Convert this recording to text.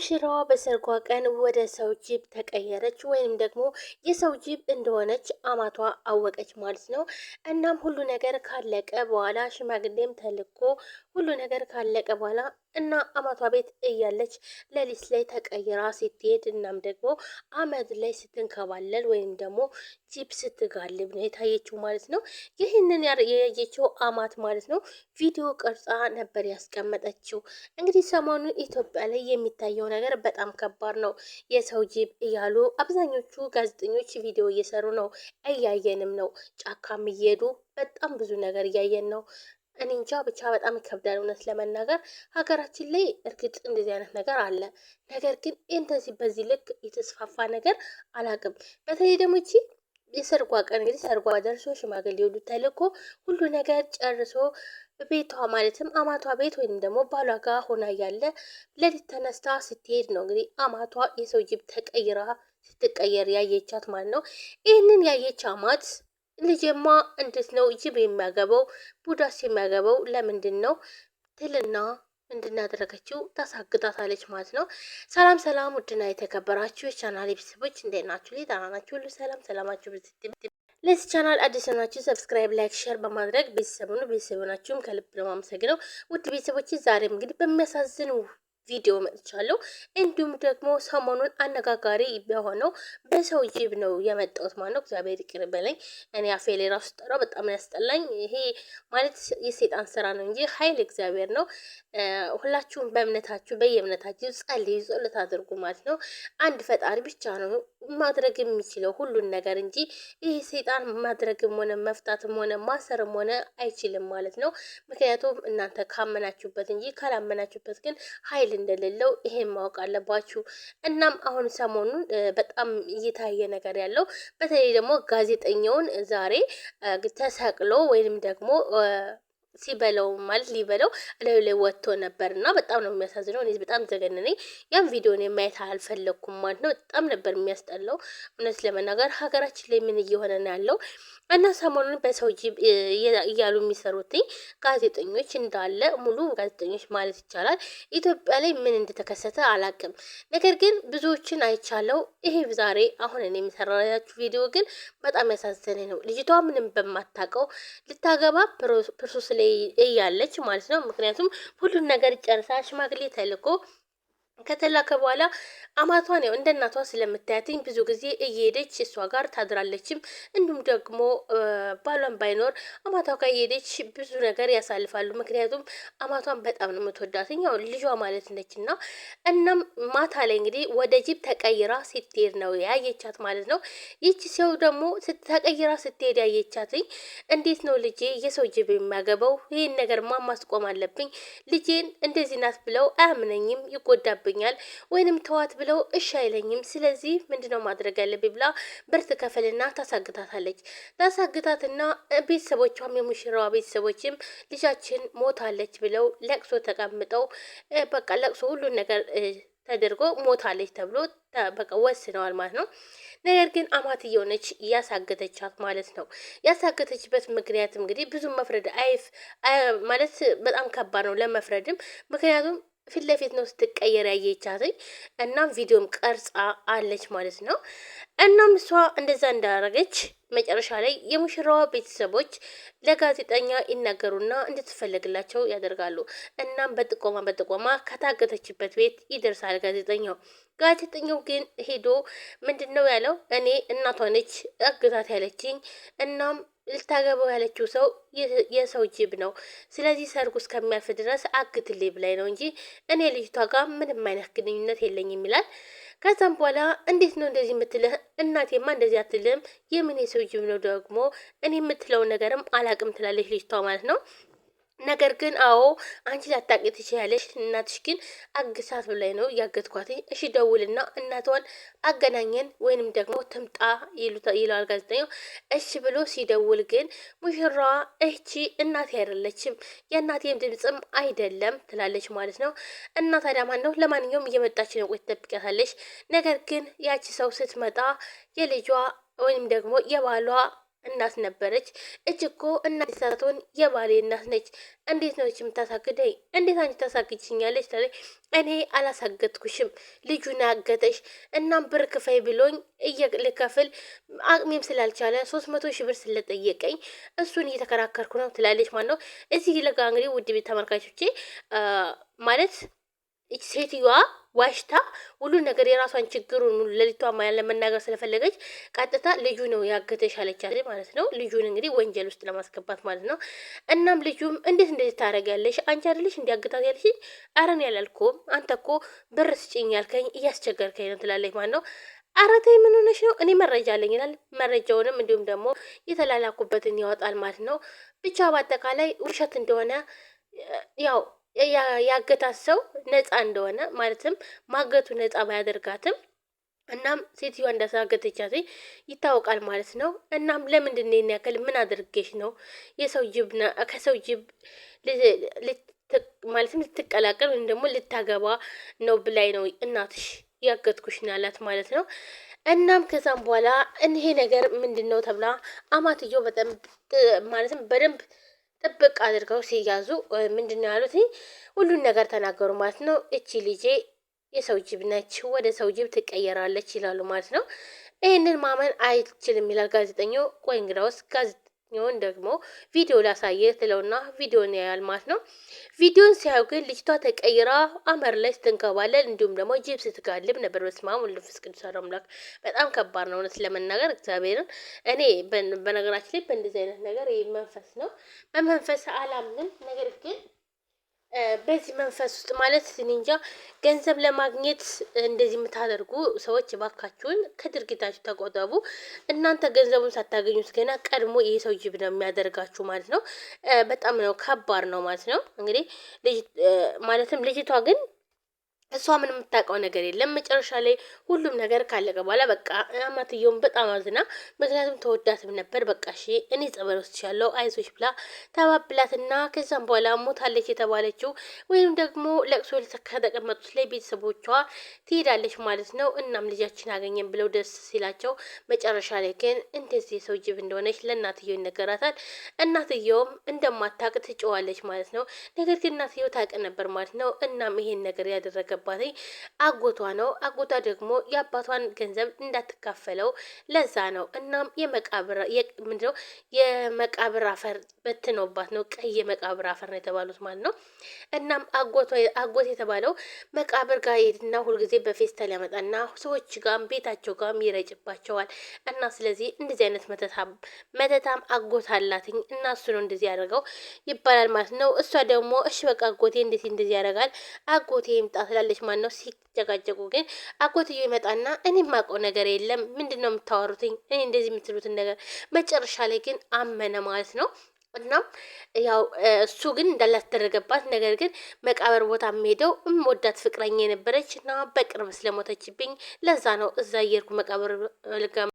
ሙሽራዋ በሰርጓ ቀን ወደ ሰው ጅብ ተቀየረች ወይም ደግሞ የሰው ጅብ እንደሆነች አማቷ አወቀች ማለት ነው። እናም ሁሉ ነገር ካለቀ በኋላ ሽማግሌም ተልኮ ሁሉ ነገር ካለቀ በኋላ እና አማቷ ቤት እያለች ሌሊት ላይ ተቀይራ ስትሄድ እናም ደግሞ አመድ ላይ ስትንከባለል ወይም ደግሞ ጅብ ስትጋልብ ነው የታየችው ማለት ነው። ይህንን ያየችው አማት ማለት ነው ቪዲዮ ቅርጻ ነበር ያስቀመጠችው። እንግዲህ ሰሞኑን ኢትዮጵያ ላይ የሚታየው ነገር በጣም ከባድ ነው። የሰው ጅብ እያሉ አብዛኞቹ ጋዜጠኞች ቪዲዮ እየሰሩ ነው፣ እያየንም ነው። ጫካም እየሄዱ በጣም ብዙ ነገር እያየን ነው። እኔ እንጃ ብቻ በጣም ይከብዳል። እውነት ለመናገር ሀገራችን ላይ እርግጥ እንደዚህ አይነት ነገር አለ፣ ነገር ግን እንደዚህ በዚህ ልክ የተስፋፋ ነገር አላቅም በተለይ ደግሞ ይቺ የሰርጓ ቀን እንግዲህ ሰርጓ ደርሶ ሽማግሌ ሁሉ ተልኮ ሁሉ ነገር ጨርሶ ቤቷ ማለትም አማቷ ቤት ወይም ደግሞ ባሏ ጋር ሆና ያለ ለሊት ተነስታ ስትሄድ ነው እንግዲህ አማቷ የሰው ጅብ ተቀይራ ስትቀየር ያየቻት ማለት ነው። ይህንን ያየች አማት ልጄማ እንዴት ነው ጅብ የሚያገባው ቡዳስ የሚያገባው ለምንድን ነው ትልና እንድናደረገችው ታሳግጣታለች ማለት ነው። ሰላም ሰላም፣ ውድና የተከበራችሁ የቻናል ቤተሰቦች እንዴት ናችሁ? ሌጣና ናችሁ? ሁሉ ሰላም ሰላማችሁ ብትት ለዚህ ቻናል አዲስ ናችሁ ሰብስክራይብ፣ ላይክ፣ ሼር በማድረግ ቤተሰብ ነው። ቤተሰብ ናችሁም ከልብ ነው የማመሰግነው። ውድ ቤተሰቦች ዛሬም እንግዲህ በሚያሳዝን ቪዲዮ መጥቻለሁ። እንዲሁም ደግሞ ሰሞኑን አነጋጋሪ የሆነው በሰው ጅብ ነው የመጣሁት ማለት ነው። እግዚአብሔር ይቅር በለኝ። እኔ አፌሌ ራሱ ጠራው በጣም ያስጠላኝ። ይሄ ማለት የሴጣን ስራ ነው እንጂ ኃይል እግዚአብሔር ነው። ሁላችሁም በእምነታችሁ በየእምነታችሁ ጸልዩ፣ ጸሎት አድርጉ ማለት ነው። አንድ ፈጣሪ ብቻ ነው ማድረግ የሚችለው ሁሉን ነገር እንጂ ይህ ሰይጣን ማድረግም ሆነ መፍታትም ሆነ ማሰርም ሆነ አይችልም ማለት ነው። ምክንያቱም እናንተ ካመናችሁበት እንጂ ካላመናችሁበት ግን ኃይል እንደሌለው ይሄን ማወቅ አለባችሁ። እናም አሁን ሰሞኑን በጣም እየታየ ነገር ያለው በተለይ ደግሞ ጋዜጠኛውን ዛሬ ተሰቅሎ ወይንም ደግሞ ሲበለው ማለት ሊበለው እላዩ ላይ ወጥቶ ነበር እና በጣም ነው የሚያሳዝነው። እኔ በጣም ዘገነነኝ። ያን ቪዲዮን የማየት አልፈለግኩም ማለት ነው። በጣም ነበር የሚያስጠላው። እውነት ለመናገር ሀገራችን ላይ ምን እየሆነ ነው ያለው? እና ሰሞኑን በሰው ጅብ እያሉ የሚሰሩትኝ ጋዜጠኞች እንዳለ ሙሉ ጋዜጠኞች ማለት ይቻላል ኢትዮጵያ ላይ ምን እንደተከሰተ አላቅም። ነገር ግን ብዙዎችን አይቻለው። ይሄ ዛሬ አሁን እኔ የሚሰራላችሁ ቪዲዮ ግን በጣም ያሳዘነኝ ነው። ልጅቷ ምንም በማታውቀው ልታገባ ፕሮሰስ ላይ እያለች ማለት ነው። ምክንያቱም ሁሉን ነገር ጨርሳ ሽማግሌ ተልኮ ከተላከ በኋላ አማቷን ያው እንደ እናቷ ስለምታያትኝ ብዙ ጊዜ እየሄደች እሷ ጋር ታድራለችም። እንዲሁም ደግሞ ባሏን ባይኖር አማቷ ጋር እየሄደች ብዙ ነገር ያሳልፋሉ። ምክንያቱም አማቷን በጣም ነው የምትወዳትኝ ያው ልጇ ማለት ነች እና እናም ማታ ላይ እንግዲህ ወደ ጅብ ተቀይራ ስትሄድ ነው ያየቻት ማለት ነው። ይቺ ሰው ደግሞ ተቀይራ ስትሄድ ያየቻትኝ እንዴት ነው ልጄ የሰው ጅብ የሚያገባው? ይህን ነገር ማን ማስቆም አለብኝ? ልጄን እንደዚህ ናት ብለው አያምነኝም፣ ይጎዳብኝ ይሆንብኛል ወይንም ተዋት ብለው እሺ አይለኝም። ስለዚህ ምንድነው ማድረግ ያለብኝ ብላ ብር ትከፍልና ታሳግታታለች። ታሳግታትና ቤተሰቦቿም የሙሽራዋ ቤተሰቦችም ልጃችን ሞታለች ብለው ለቅሶ ተቀምጠው በቃ ለቅሶ ሁሉን ነገር ተደርጎ ሞታለች ተብሎ በቃ ወስነዋል ማለት ነው። ነገር ግን አማት እየሆነች እያሳገተቻት ማለት ነው። ያሳገተችበት ምክንያት እንግዲህ ብዙ መፍረድ አይፍ ማለት በጣም ከባድ ነው ለመፍረድም ምክንያቱም ፊት ለፊት ነው ስትቀየር ያየቻትኝ። እናም ቪዲዮም ቀርጻ አለች ማለት ነው። እናም እሷ እንደዛ እንዳረገች መጨረሻ ላይ የሙሽራዋ ቤተሰቦች ለጋዜጠኛ ይናገሩና እንድትፈለግላቸው ያደርጋሉ። እናም በጥቆማ በጥቆማ ከታገተችበት ቤት ይደርሳል ጋዜጠኛው። ጋዜጠኛው ግን ሄዶ ምንድን ነው ያለው? እኔ እናቷ ነች እግታት ያለችኝ እናም ልታገባው ያለችው ሰው የሰው ጅብ ነው። ስለዚህ ሰርጉ እስከሚያልፍ ድረስ አግትልኝ ብላኝ ነው እንጂ እኔ ልጅቷ ጋር ምንም አይነት ግንኙነት የለኝም ይላል። ከዛም በኋላ እንዴት ነው እንደዚህ የምትልህ? እናቴማ እንደዚህ አትልህም። የምን የሰው ጅብ ነው ደግሞ እኔ የምትለው ነገርም አላቅም ትላለች ልጅቷ ማለት ነው። ነገር ግን አዎ አንቺ ላታቂ ትችያለሽ፣ እናትሽ ግን አግሳት ብላይ ነው ያገትኳት። እሺ ደውልና እናቷን አገናኘን ወይንም ደግሞ ትምጣ ይለዋል ጋዜጠኛው። እሺ ብሎ ሲደውል ግን ሙሽራዋ እቺ እናቴ አይደለችም የእናቴም ድምፅም አይደለም ትላለች ማለት ነው። እናት አዳማን ነው? ለማንኛውም እየመጣች ነው፣ ቆይ ትጠብቂያታለሽ። ነገር ግን ያቺ ሰው ስትመጣ የልጇ ወይንም ደግሞ የባሏ እናት ነበረች። እች እኮ እናት ሳትሆን የባሌ እናት ነች። እንዴት ነው እች የምታሳግደኝ? እንዴት አንቺ ታሳግችኛለች? ታ እኔ አላሳገጥኩሽም፣ ልጁን ያገተሽ እናም ብር ክፈይ ብሎኝ እየልከፍል አቅሜም ስላልቻለ ሶስት መቶ ሺህ ብር ስለጠየቀኝ እሱን እየተከራከርኩ ነው ትላለች። ማን ነው እዚህ ለጋ እንግዲህ ውድ ቤት ተመልካቾቼ ማለት ሴትዮዋ ዋሽታ ሁሉ ነገር የራሷን ችግሩን ለሊቷ ማያን ለመናገር ስለፈለገች ቀጥታ ልጁ ነው ያገተሽ አለቻት ማለት ነው። ልጁን እንግዲህ ወንጀል ውስጥ ለማስገባት ማለት ነው። እናም ልጁም እንዴት እንደዚህ ታደርጊያለሽ? አንቺ አይደለሽ እንዲያገታት ያልሽኝ? ኧረ እኔ አላልኩም። አንተ እኮ ብር ስጭኝ ያልከኝ እያስቸገርከኝ ነው ትላለች ማለት ነው። ኧረ ተይ ምን ሆነሽ ነው? እኔ መረጃ አለኝ ይላል። መረጃውንም እንዲሁም ደግሞ የተላላኩበትን ያወጣል ማለት ነው። ብቻ በአጠቃላይ ውሸት እንደሆነ ያው ያገታት ሰው ነፃ እንደሆነ ማለትም ማገቱ ነፃ ባያደርጋትም እናም ሴትዮዋ እንዳሳገተቻት ይታወቃል ማለት ነው። እናም ለምንድን ነው ያክል ምን አድርጌሽ ነው የሰው ጅብ ከሰው ጅብ ማለትም ልትቀላቀል ወይም ደግሞ ልታገባ ነው ብላይ ነው እናትሽ ያገትኩሽ ናላት ማለት ነው። እናም ከዛም በኋላ እኒሄ ነገር ምንድን ነው ተብላ አማትዮ በጣም ማለትም በደንብ ጥብቅ አድርገው ሲያዙ ምንድን ነው ያሉት? ሁሉን ነገር ተናገሩ ማለት ነው። እቺ ልጄ የሰው ጅብ ነች፣ ወደ ሰው ጅብ ትቀየራለች ይላሉ ማለት ነው። ይህንን ማመን አይችልም ይላል ጋዜጠኛው። ቆይ እንግዳውስ ሆን ደግሞ ቪዲዮ ላሳየ ትለውና ቪዲዮን ያያል ማለት ነው። ቪዲዮን ሲያዩ ግን ልጅቷ ተቀይራ አመር ላይ ስትንከባለል እንዲሁም ደግሞ ጅብ ስትጋልብ ነበር። በስመ አብ ወወልድ ቅዱስ አሐዱ አምላክ። በጣም ከባድ ነው እውነት ለመናገር እግዚአብሔርን። እኔ በነገራችን ላይ በእንደዚህ አይነት ነገር መንፈስ ነው፣ በመንፈስ አላምንም ነገር ግን በዚህ መንፈስ ውስጥ ማለት እንጃ ገንዘብ ለማግኘት እንደዚህ የምታደርጉ ሰዎች እባካችሁን ከድርጊታችሁ ተቆጠቡ። እናንተ ገንዘቡን ሳታገኙት ገና ቀድሞ ይሄ ሰው ጅብ ነው የሚያደርጋችሁ ማለት ነው። በጣም ነው ከባድ ነው ማለት ነው። እንግዲህ ማለትም ልጅቷ ግን እሷ ምን የምታውቀው ነገር የለም። መጨረሻ ላይ ሁሉም ነገር ካለቀ በኋላ በቃ አማትየውም በጣም አዝና፣ ምክንያቱም ተወዳትም ነበር። በቃ እሺ እኔ ጸበል ያለው አይዞች ብላ ተባብላትና ከዛም በኋላ ሞታለች የተባለችው ወይም ደግሞ ለቅሶ ከተቀመጡት ላይ ቤተሰቦቿ ትሄዳለች ማለት ነው። እናም ልጃችን አገኘን ብለው ደስ ሲላቸው፣ መጨረሻ ላይ ግን እንደዚህ የሰው ጅብ እንደሆነች ለእናትየው ይነገራታል። እናትየውም እንደማታቅ ትጨዋለች ማለት ነው። ነገር ግን እናትየው ታውቅ ነበር ማለት ነው። እናም ይሄን ነገር ያደረገ ያለባትኝ አጎቷ ነው። አጎቷ ደግሞ የአባቷን ገንዘብ እንዳትካፈለው ለዛ ነው። እናም የመቃብር ምንድነው የመቃብር አፈር በትኖባት ነው። ቀይ የመቃብር አፈር ነው የተባሉት ማለት ነው። እናም አጎት የተባለው መቃብር ጋር ሄድና ሁልጊዜ በፌስታል ያመጣና ሰዎች ጋም ቤታቸው ጋም ይረጭባቸዋል እና ስለዚህ እንደዚህ አይነት መተታም አጎት አላትኝ እና እሱ ነው እንደዚህ ያደርገው ይባላል ማለት ነው። እሷ ደግሞ እሺ በቃ አጎቴ እንዴት እንደዚህ ያደርጋል አጎቴ ይምጣ ትላለች። ትላለች። ማን ነው ሲጨጋጀጉ ግን አጎትዮ ይመጣና እኔ የማውቀው ነገር የለም ምንድን ነው የምታወሩትኝ? እኔ እንደዚህ የምትሉትን ነገር መጨረሻ ላይ ግን አመነ ማለት ነው። እና ያው እሱ ግን እንዳላስደረገባት ነገር ግን መቃብር ቦታ የምሄደው እምወዳት ፍቅረኛ የነበረች እና በቅርብ ስለሞተችብኝ ለዛ ነው እዛ አየርኩ መቃብር ልጋ